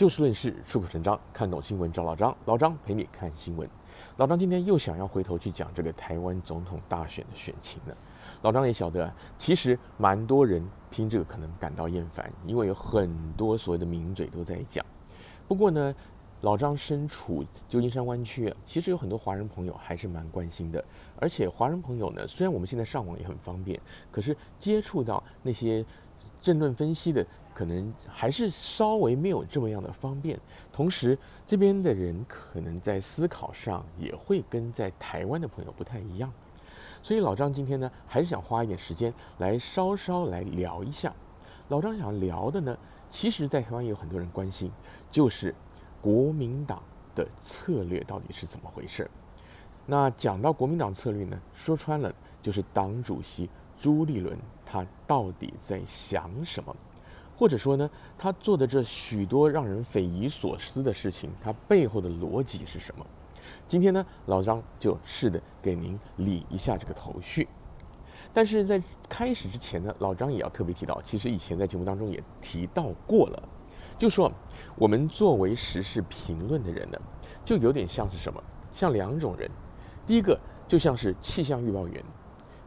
就事論事，出口成章，看懂新聞找老張，老張陪你看新聞。老張今天又想要回頭去講這個台灣總統大選的選情了。老張也曉得，其實蠻多人聽這個可能感到厭煩，因為有很多所謂的名嘴都在講。不過呢，老張身處舊金山灣區啊，其實有很多華人朋友還是蠻關心的。而且華人朋友呢，雖然我們現在上網也很方便，可是接觸到那些政論分析的。可能還是稍微沒有這麼樣的方便，同時這邊的人可能在思考上也會跟在台灣的朋友不太一樣，所以老張今天呢，還是想花一點時間來稍稍來聊一下。老張想聊的呢，其實在台灣有很多人關心，就是國民黨的策略到底是怎麼回事。那講到國民黨策略呢，說穿了就是黨主席朱立倫他到底在想什麼。或者說呢，他做的這許多讓人匪夷所思的事情，他背後的邏輯是什麼？今天呢，老張就試着給您理一下這個頭緒。但是在開始之前呢，老張也要特別提到，其實以前在節目當中也提到過了，就說我們作為時事評論的人呢，就有點像是什麼，像兩種人，第一個就像是氣象預報員，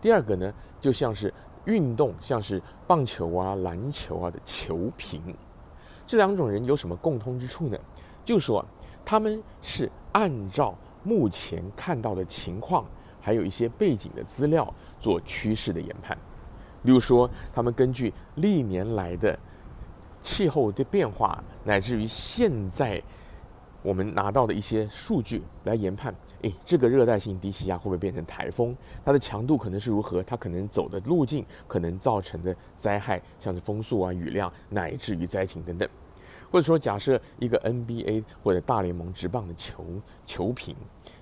第二個呢就像是，運動像是棒球啊、籃球啊的球評，這兩種人有什麼共通之處呢？就是說他們是按照目前看到的情況，還有一些背景的資料做趨勢的研判。比如說，他們根據歷年來的氣候的變化，乃至於現在。我們拿到的一些數據來研判，誒，這個熱帶性低氣壓會不會變成颱風？它的強度可能是如何？它可能走的路徑，可能造成的災害，像是風速啊、雨量，乃至於災情等等。或者說，假設一個 NBA 或者大聯盟職棒的球球評，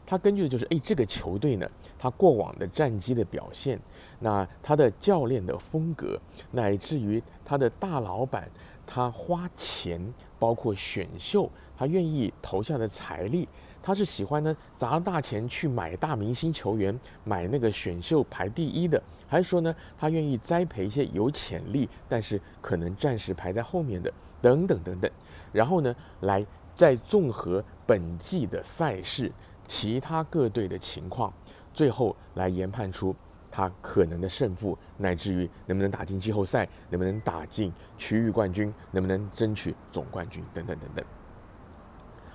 它根據的就是，誒，這個球隊呢，他過往的戰績的表現，那他的教練的風格，乃至於他的大老板，他花錢，包括選秀。他願意投下的財力，他是喜歡呢砸大錢去買大明星球員，買那個選秀排第一的，還是說呢他願意栽培一些有潛力，但是可能暫時排在後面的等等等等，然後呢來再綜合本季的賽事，其他各隊的情況，最後來研判出他可能的勝負，乃至於能不能打進季後賽，能不能打進區域冠軍，能不能爭取總冠軍等等等等。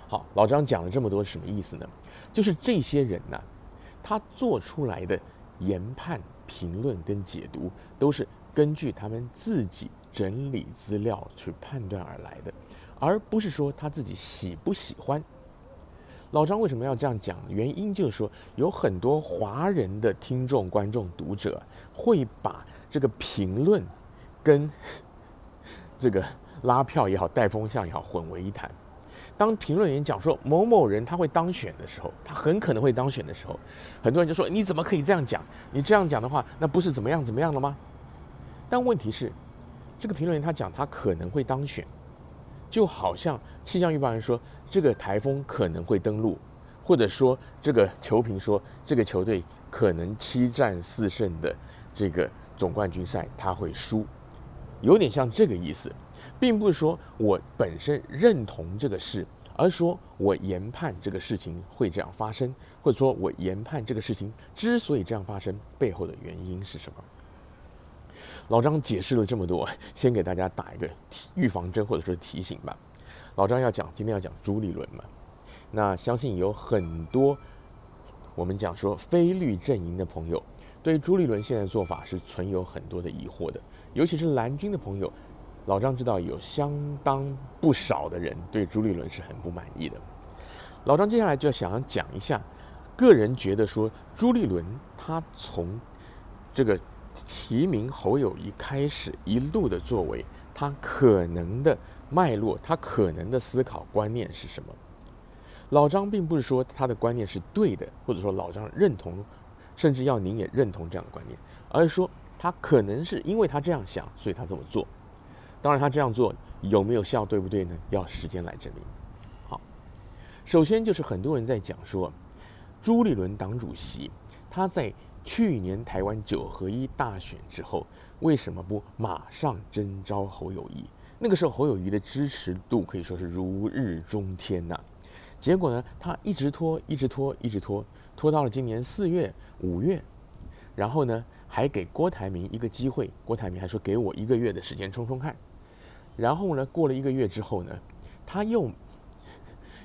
好，老張講了這麼多是什麼意思呢？就是這些人呢、啊，他做出來的研判、評論跟解讀，都是根據他們自己整理資料去判斷而來的，而不是說他自己喜不喜歡。老張為什麼要這樣講？原因就是說，有很多華人的聽眾、觀眾、讀者會把這個評論跟這個拉票也好、帶風向也好混為一談。當評論員講說某某人他會當選的時候，他很可能會當選的時候，很多人就說你怎麼可以這樣講？你這樣講的話，那不是怎麼樣怎麼樣了嗎？但問題是，這個評論員他講他可能會當選，就好像氣象預報員說這個颱風可能會登陸，或者說這個球評說這個球隊可能七戰四勝的這個總冠軍賽他會輸，有點像這個意思。並不是說我本身認同這個事，而是說我研判這個事情會這樣發生，或者說我研判這個事情之所以這樣發生背後的原因是什麼？老張解釋了這麼多，先給大家打一個提預防針，或者說提醒吧。老張要講，今天要講朱立倫嘛，那相信有很多我們講說非綠陣營的朋友對朱立倫現在做法是存有很多的疑惑的，尤其是藍軍的朋友。老張知道有相當不少的人對朱立倫是很不滿意的。老張接下來就要想要講一下，個人覺得說朱立倫他從這個提名侯友宜開始一路的作為，他可能的脈絡，他可能的思考觀念是什麼？老張並不是說他的觀念是對的，或者說老張認同，甚至要您也認同這樣的觀念，而是說他可能是因為他這樣想，所以他這麼做。當然，他這樣做有沒有效，對不對呢？要時間來證明。好，首先就是很多人在講說，朱立倫黨主席他在去年台灣九合一大選之後，為什麼不馬上徵召侯友宜？那個時候侯友宜的支持度可以說是如日中天吶、啊。結果呢，他一直拖，一直拖，一直拖，拖到了今年四月、五月，然後呢，還給郭台銘一個機會，郭台銘還說給我一個月的時間衝衝看。然後呢，過了一個月之後呢，他又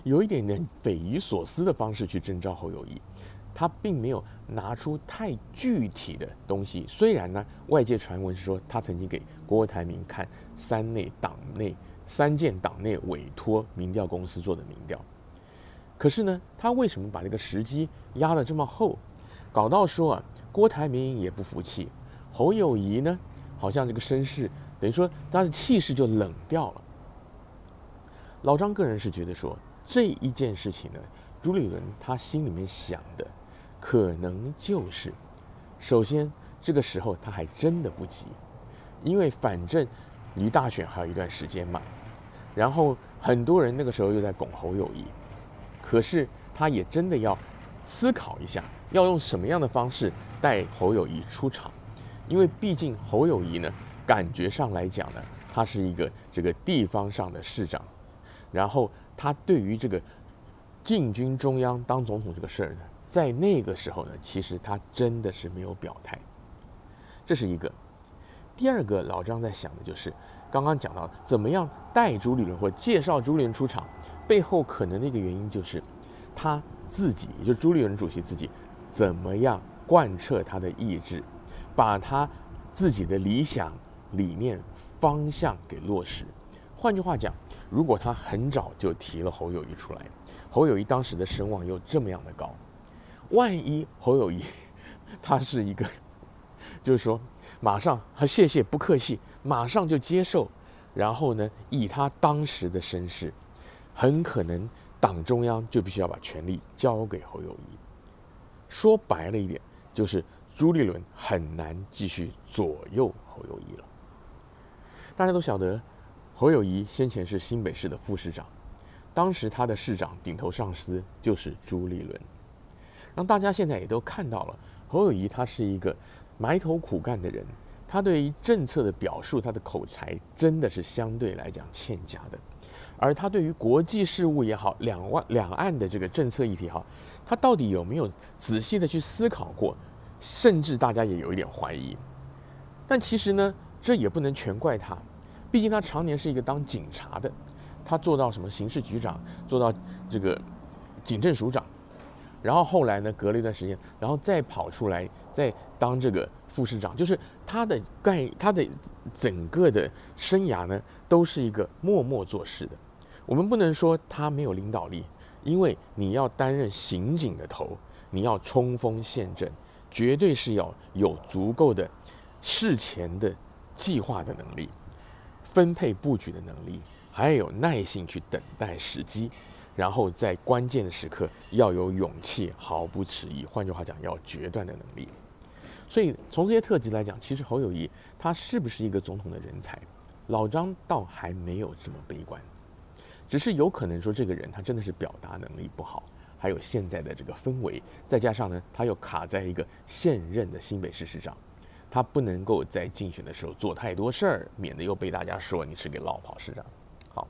有一點點匪夷所思的方式去徵召侯友宜。他並沒有拿出太具體的東西，雖然呢，外界傳聞是說他曾經給郭台銘看三內黨內三件黨內委託民調公司做的民調。可是呢，他為什麼把這個時機壓得這麼後，搞到說啊，郭台銘也不服氣，侯友宜呢，好像這個身世。等於說，他的氣勢就冷掉了。老張個人是覺得說，這一件事情呢，朱立倫他心裡面想的，可能就是，首先這個時候他還真的不急，因為反正離大選還有一段時間嘛。然後很多人那個時候又在拱侯友宜，可是他也真的要思考一下，要用什麼樣的方式帶侯友宜出場，因為畢竟侯友宜呢。感覺上來講呢，他是一個這個地方上的市長，然後他對於這個進軍中央當總統這個事兒呢，在那個時候呢，其實他真的是沒有表態，這是一個。第二個老張在想的就是剛剛講到怎麼樣帶朱立倫或介紹朱立倫出場，背後可能的一個原因就是他自己，也就是朱立倫主席自己怎麼樣貫徹他的意志，把他自己的理想。理念方向給落實。換句話講，如果他很早就提了侯友宜出來，侯友宜當時的聲望又這麼樣的高，萬一侯友宜他是一個，就是說馬上，啊，謝謝不客氣，馬上就接受，然後呢，以他當時的聲勢，很可能黨中央就必須要把權力交給侯友宜。說白了一點，就是朱立倫很難繼續左右侯友宜了。大家都曉得，侯友宜先前是新北市的副市長，當時他的市長頂頭上司就是朱立倫。那大家現在也都看到了，侯友宜他是一個埋頭苦幹的人，他對於政策的表述，他的口才真的是相對來講欠佳的。而他對於國際事務也好，兩岸兩岸的這個政策議題也好，他到底有沒有仔細的去思考過？甚至大家也有一點懷疑。但其實呢，這也不能全怪他。畢竟他常年是一個當警察的，他做到什麼刑事局長，做到這個警政署長，然後後來呢，隔了一段時間，然後再跑出來再當這個副市長，就是他的概他的整個的生涯呢，都是一個默默做事的。我們不能說他沒有領導力，因為你要擔任刑警的頭，你要衝鋒陷陣，絕對是要有足夠的事前的計劃的能力。分配布局的能力，還有耐性去等待時機，然後在關鍵的時刻要有勇氣，毫不遲疑。換句話講，要決斷的能力。所以從這些特質來講，其實侯友宜他是不是一個總統的人才，老章倒還沒有這麼悲觀，只是有可能說這個人他真的是表達能力不好，還有現在的這個氛圍，再加上呢他又卡在一個現任的新北市市長。他不能夠在競選的時候做太多事兒，免得又被大家說你是個落跑市長。好，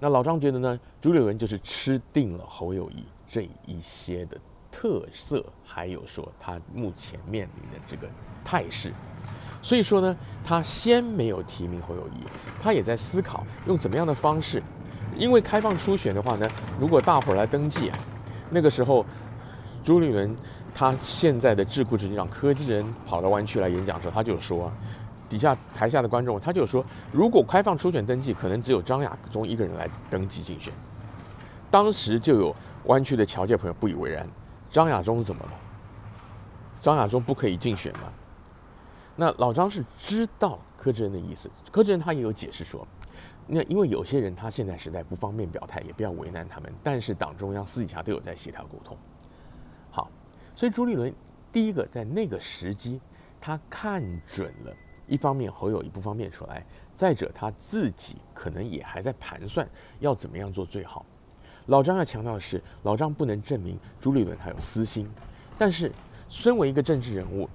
那老章覺得呢，朱立倫就是吃定了侯友宜這一些的特色，還有說他目前面臨的這個態勢，所以說呢，他先沒有提名侯友宜，他也在思考用怎麼樣的方式，因為開放初選的話呢，如果大夥來登記、啊，那個時候。朱立倫他現在的智庫執行長，柯志恩跑到灣區來演講的時候，他就說底下台下的觀眾，他就說，如果開放初選登記，可能只有張亞中一個人來登記競選。當時就有灣區的僑界朋友不以為然：張亞中怎麼了？張亞中不可以競選嗎？那老張是知道柯志恩的意思，柯志恩他也有解釋說，那因為有些人他現在實在不方便表態，也不要為難他們，但是黨中央私底下都有在協調溝通。所以朱立倫第一個在那個時機，他看準了，一方面侯友宜不方便出來，再者他自己可能也還在盤算要怎麼樣做最好。老張要強調的是，老張不能證明朱立倫他有私心，但是身為一個政治人物，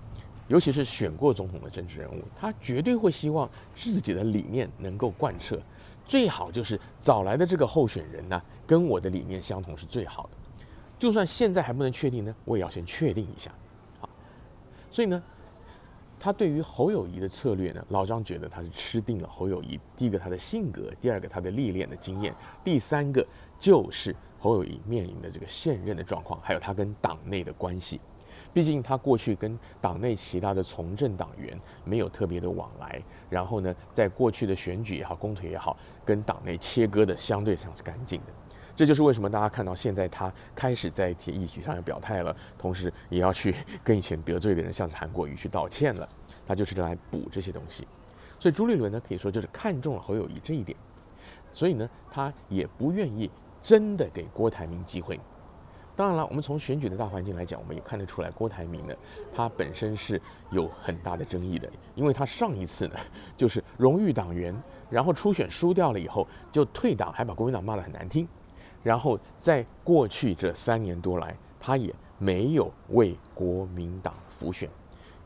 尤其是選過總統的政治人物，他絕對會希望自己的理念能夠貫徹，最好就是找來的這個候選人呢、啊，跟我的理念相同是最好的。就算現在還不能確定呢，我也要先確定一下。好，所以呢，他對於侯友宜的策略呢，老章覺得他是吃定了侯友宜。第一個，他的性格；第二個，他的歷練的經驗；第三個，就是侯友宜面臨的這個現任的狀況，還有他跟黨內的關係。畢竟他過去跟黨內其他的從政黨員沒有特別的往來，然後呢，在過去的選舉也好、公投也好，跟黨內切割的相對上是乾淨的。這就是為什麼大家看到現在他開始在一些議題上要表態了，同時也要去跟以前得罪的人，像韓國瑜去道歉了，他就是來補這些東西。所以朱立倫呢，可以說就是看中了侯友宜這一點，所以呢，他也不願意真的給郭台銘機會。當然了，我們從選舉的大環境來講，我們也看得出來，郭台銘呢，他本身是有很大的爭議的，因為他上一次呢，就是榮譽黨員，然後初選輸掉了以後就退黨，還把國民黨罵得很難聽。然後，在過去這三年多來，他也沒有為國民黨輔選，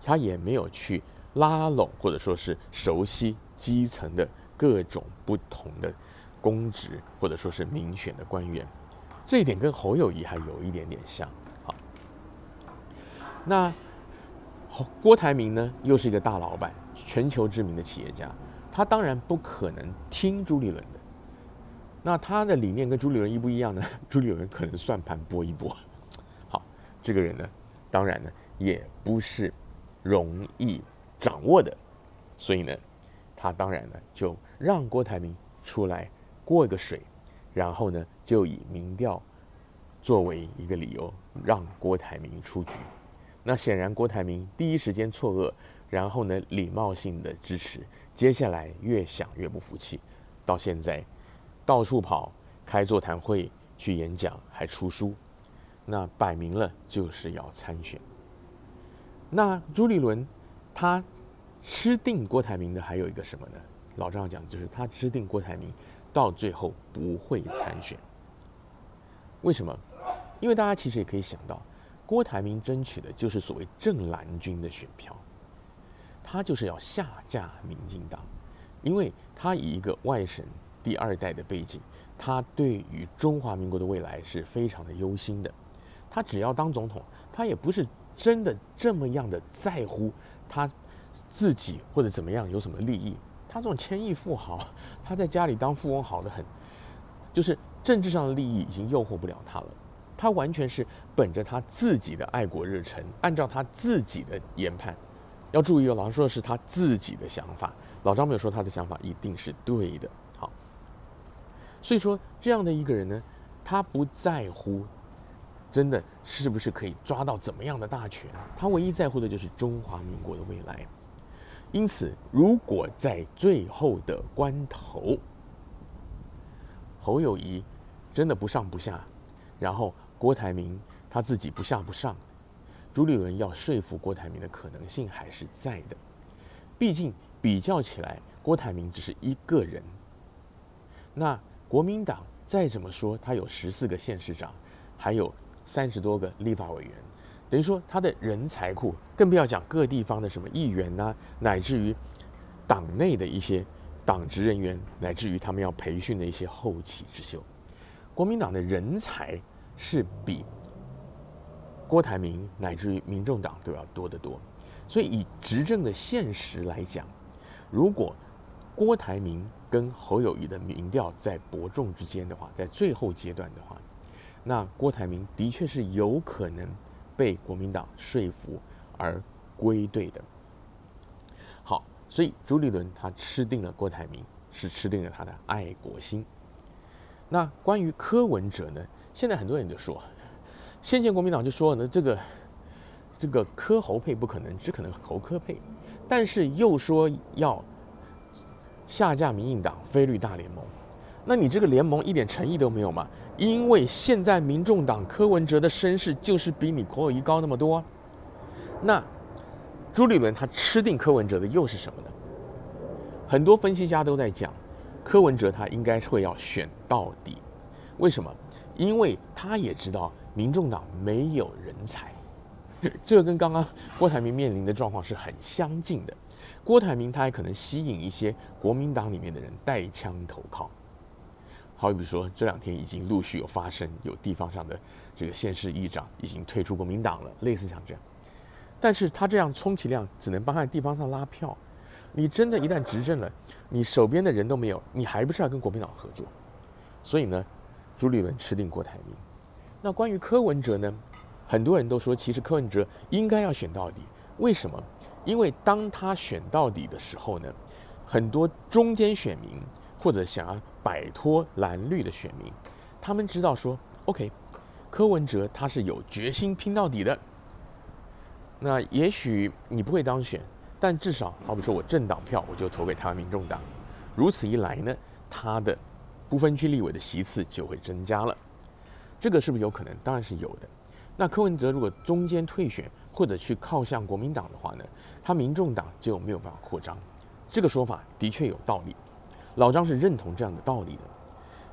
他也沒有去拉攏或者說是熟悉基層的各種不同的公職或者說是民選的官員，這一點跟侯友宜還有一點點像。好，那好郭台銘呢，又是一個大老闆，全球知名的企業家，他當然不可能聽朱立倫的。那他的理念跟朱立倫一不一樣呢？朱立倫可能算盤撥一撥。好，這個人呢，當然呢也不是容易掌握的，所以呢，他當然呢就讓郭台銘出來過個水，然後呢就以民調作為一個理由讓郭台銘出局。那顯然郭台銘第一時間錯愕，然後呢禮貌性的支持，接下來越想越不服氣，到現在。到處跑，開座談會，去演講，還出書，那擺明了就是要參選。那朱立倫，他吃定郭台銘的，還有一個什麼呢？老章講，就是他吃定郭台銘，到最後不會參選。為什麼？因為大家其實也可以想到，郭台銘爭取的就是所謂正藍軍的選票，他就是要下架民進黨，因為他以一個外省。第二代的背景，他對於中華民國的未來是非常的憂心的。他只要當總統，他也不是真的這麼樣的在乎他自己或者怎麼樣有什麼利益。他這種千億富豪，他在家裡當富翁好得很，就是政治上的利益已經誘惑不了他了。他完全是本着他自己的愛國熱忱，按照他自己的研判。要注意哦，老師說的是他自己的想法。老張沒有說他的想法一定是對的。所以說，這樣的一個人呢，他不在乎，真的是不是可以抓到怎麼樣的大權？他唯一在乎的就是中華民國的未來。因此，如果在最後的關頭，侯友宜真的不上不下，然後郭台銘他自己不下不上，朱立倫要說服郭台銘的可能性還是在的。畢竟比較起來，郭台銘只是一個人，那。國民黨再怎麼說，他有十四個縣市長，還有三十多個立法委員，等於說他的人才庫，更不要講各地方的什麼議員吶、啊，乃至於黨內的一些黨職人員，乃至於他們要培訓的一些後起之秀，國民黨的人才是比郭台銘，乃至於民眾黨都要多得多。所以以執政的現實來講，如果郭台銘，跟侯友宜的民調在伯仲之間的話，在最後階段的話，那郭台銘的確是有可能被國民黨說服而歸隊的。好，所以朱立倫他吃定了郭台銘，是吃定了他的愛國心。那關於柯文哲呢？現在很多人就說，先前國民黨就說呢，這個這個柯侯配不可能，只可能侯柯配，但是又說要下架民進黨、非綠大聯盟，那你這個聯盟一點誠意都沒有嗎？因為現在民眾黨柯文哲的身世就是比侯友宜高那麼多啊。那朱立倫他吃定柯文哲的又是什麼呢？很多分析家都在講，柯文哲他應該會要選到底，為什麼？因為他也知道民眾黨沒有人才，呵呵，這跟剛剛郭台銘面臨的狀況是很相近的。郭台銘他還可能吸引一些國民黨裡面的人帶槍投靠，好比說這兩天已經陸續有發生，有地方上的這個縣市議長已經退出國民黨了，類似像這樣。但是他這樣充其量只能幫在地方上拉票，你真的一旦執政了，你手邊的人都沒有，你還不是要跟國民黨合作？所以呢，朱立倫吃定郭台銘。那關於柯文哲呢，很多人都說其實柯文哲應該要選到底，為什麼？因為當他選到底的時候呢，很多中間選民或者想要擺脫藍綠的選民，他們知道說，OK，柯文哲他是有決心拼到底的。那也許你不會當選，但至少，好比說我政黨票，我就投給台灣民眾黨。如此一來呢，他的不分區立委的席次就會增加了。這個是不是有可能？當然是有的。那柯文哲如果中間退選，或者去靠向國民黨的話呢，他民眾黨就沒有辦法擴張。這個說法的確有道理，老張是認同這樣的道理的。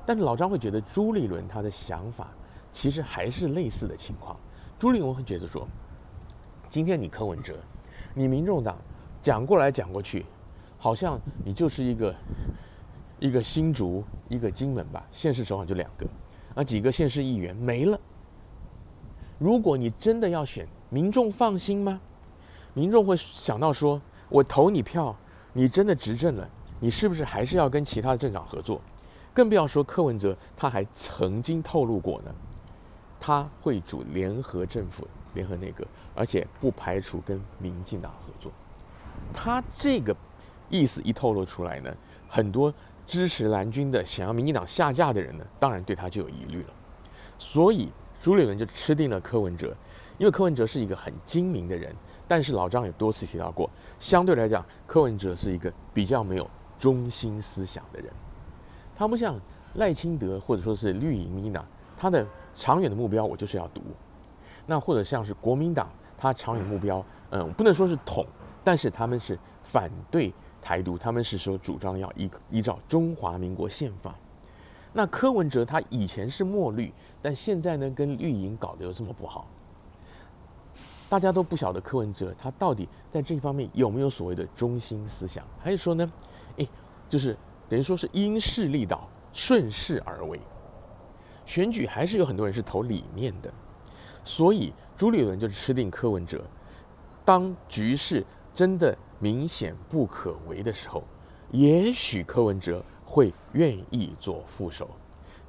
但是老張會覺得朱立倫他的想法其實還是類似的情況。朱立倫會覺得說，今天你柯文哲，你民眾黨講過來講過去，好像你就是一個一個新竹一個金門吧，縣市手上就兩個，而幾個縣市議員沒了。如果你真的要選，民眾放心嗎？民眾會想到說，我投你票，你真的執政了，你是不是還是要跟其他的政黨合作？更不要說柯文哲，他還曾經透露過呢，他會主聯合政府、聯合內閣，而且不排除跟民進黨合作。他這個意思一透露出來呢，很多支持藍軍的、想要民進黨下架的人呢，當然對他就有疑慮了。所以朱立倫就吃定了柯文哲。因為柯文哲是一個很精明的人，但是老張也多次提到過，相對來講，柯文哲是一個比較沒有中心思想的人。他不像賴清德或者說是綠營民嘛，他的長遠的目標，我就是要獨。那或者像是國民黨，他長遠目標，嗯，不能說是統，但是他們是反對台獨，他們是說主張要依依照中華民國憲法。那柯文哲他以前是墨綠，但現在呢，跟綠營搞得又這麼不好。大家都不曉得柯文哲他到底在這方面有沒有所謂的中心思想，還是說呢，誒，就是等於說是因勢利導、順勢而為。選舉還是有很多人是投裡面的，所以朱立倫就是吃定柯文哲。當局勢真的明顯不可為的時候，也許柯文哲會願意做副手。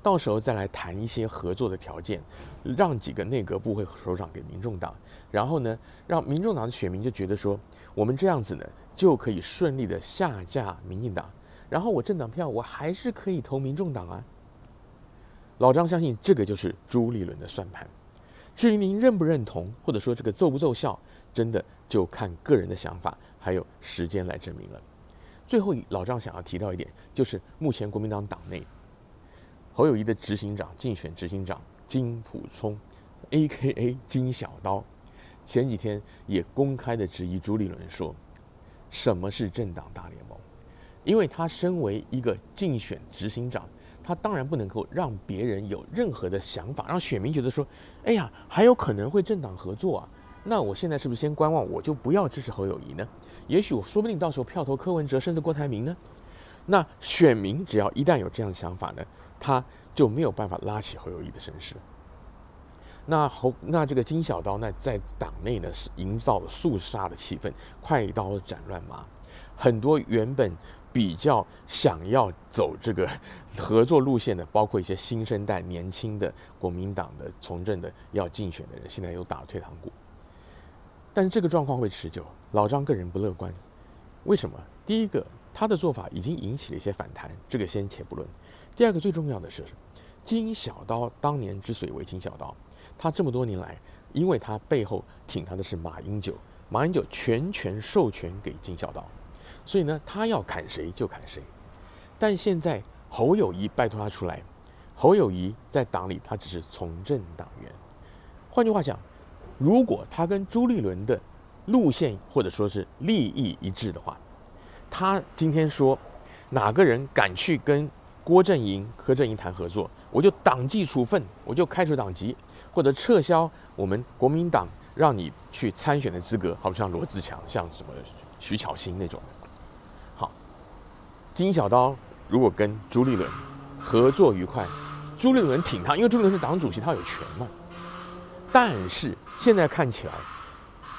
到時候再來談一些合作的條件，讓幾個內閣部會首長給民眾黨，然後呢，讓民眾黨的選民就覺得說，我們這樣子呢就可以順利的下架民進黨，然後我政黨票我還是可以投民眾黨啊。老張相信這個就是朱立倫的算盤，至於您認不認同，或者說這個奏不奏效，真的就看個人的想法還有時間來證明了。最後，老張想要提到一點，就是目前國民黨黨內。侯友宜的執行長、競選執行長金溥聰 （A.K.A. 金小刀）前幾天也公開的質疑朱立倫說：“什麼是政黨大聯盟？”因為他身為一個競選執行長，他當然不能夠讓別人有任何的想法，讓選民覺得說：“哎呀，還有可能會政黨合作啊？”那我現在是不是先觀望，我就不要支持侯友宜呢？也許我說不定到時候票投柯文哲，甚至郭台銘呢？那選民只要一旦有這樣的想法呢，他就沒有辦法拉起侯友宜的聲勢。那侯，那這個金小刀呢，在黨內呢是營造了肅殺的氣氛，快刀斬亂麻。很多原本比較想要走這個合作路線的，包括一些新生代、年輕的國民黨的從政的要競選的人，現在又打了退堂鼓。但這個狀況會持久？老張個人不樂觀。為什麼？第一個，他的做法已經引起了一些反彈，這個先且不論。第二個最重要的是，金小刀當年之所以為金小刀，他這麼多年來，因為他背後挺他的是馬英九，馬英九全權授權給金小刀，所以呢，他要砍誰就砍誰。但現在侯友宜拜托他出來，侯友宜在黨裡他只是從政黨員，換句話講，如果他跟朱立倫的路線或者說是利益一致的話，他今天說哪個人敢去跟？郭正英、柯正英談合作，我就黨紀處分，我就開除黨籍，或者撤銷我們國民黨讓你去參選的資格。好像羅智強、像什麼徐巧芯那種。好，金小刀如果跟朱立倫合作愉快，朱立倫挺他，因為朱立倫是黨主席，他有權嘛。但是現在看起來，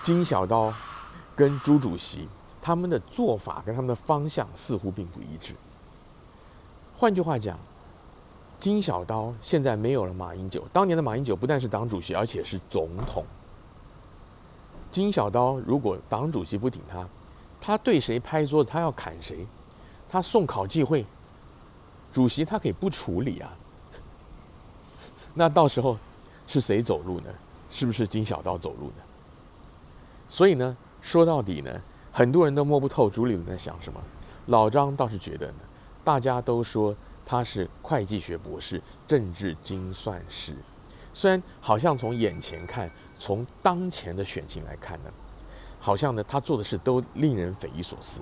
金小刀跟朱主席他們的做法跟他們的方向似乎並不一致。換句話講，金小刀現在沒有了馬英九。當年的馬英九不但是黨主席，而且是總統。金小刀如果黨主席不挺他，他對誰拍桌子，他要砍誰，他送考紀會，主席他可以不處理啊。那到時候是誰走路呢？是不是金小刀走路呢？所以呢，說到底呢，很多人都摸不透朱立倫在想什麼。老張倒是覺得呢。大家都說他是會計學博士、政治精算師，雖然好像從眼前看、從當前的選情來看呢，好像呢他做的事都令人匪夷所思。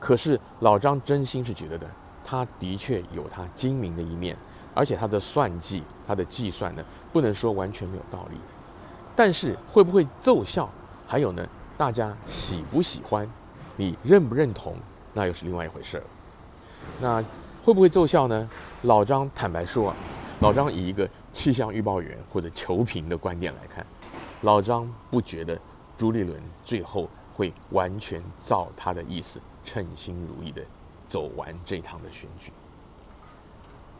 可是老張真心是覺得的，他的確有他精明的一面，而且他的算計、他的計算呢，不能說完全沒有道理。但是會不會奏效，還有呢，大家喜不喜歡，你認不認同，那又是另外一回事了。那會不會奏效呢？老章坦白說，啊，老章以一個氣象預報員或者球評的觀點來看，老章不覺得朱立倫最後會完全照他的意思稱心如意地走完這趟的選舉。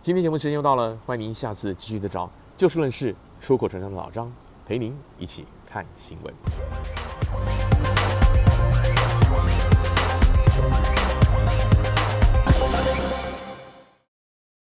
今天節目時間又到了，歡迎您下次繼續的找就事論事、出口成章的老章陪您一起看新聞。